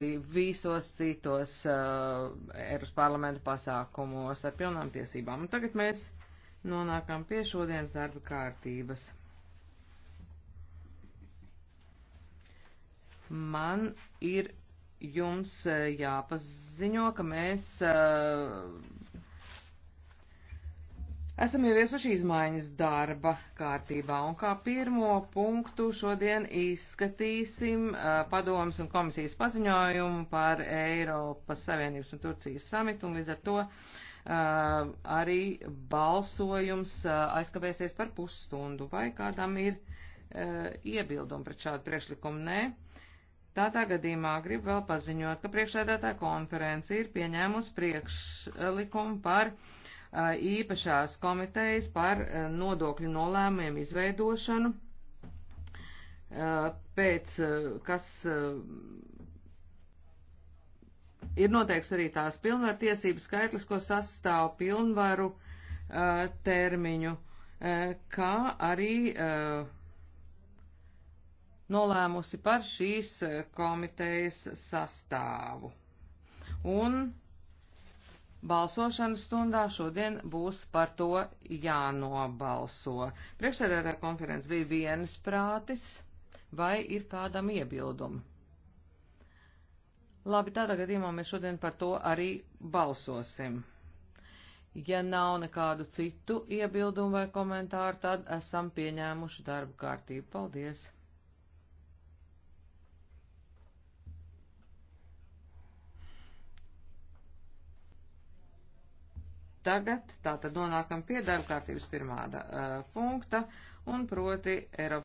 visos citos uh, Eiropas parlamenta pasākumos ar pilnām tiesībām. Un tagad mēs nonākam pie šodienas darba kārtības. Man ir jums uh, jāpaziņo, ka mēs uh, Esam ieviesuši izmaiņas darba kārtībā, un kā pirmo punktu šodien izskatīsim padomas un komisijas paziņojumu par Eiropas Savienības un Turcijas samitu, un līdz ar to arī balsojums aizkavēsies par pusstundu, vai kādam ir iebildumi pret šādu priekšlikumu? Nē. Tādā gadījumā gribu vēl paziņot, ka priekšsēdētā konference ir pieņēmusi priekšlikumu par uh, Uh, īpašās komitejas par uh, nodokļu nolēmumiem izveidošanu, uh, pēc kas ir noteikts arī tās pilnvērtiesības skaitlis, ko sastāv pilnvaru termiņu, kā arī nolēmusi par šīs komitejas sastāvu. Un Balsošanas stundā šodien būs par to jānobalso. Priekšsēdētāja konferences bija vienas prātis, vai ir kādam iebildumi? Labi, tādā gadījumā mēs šodien par to arī balsosim. Ja nav nekādu citu iebildumu vai komentāru, tad esam pieņēmuši darbu kārtību. Paldies! Tagad tātad nonākam pie darba kārtības pirmā da, uh, punkta, un proti Eiropas.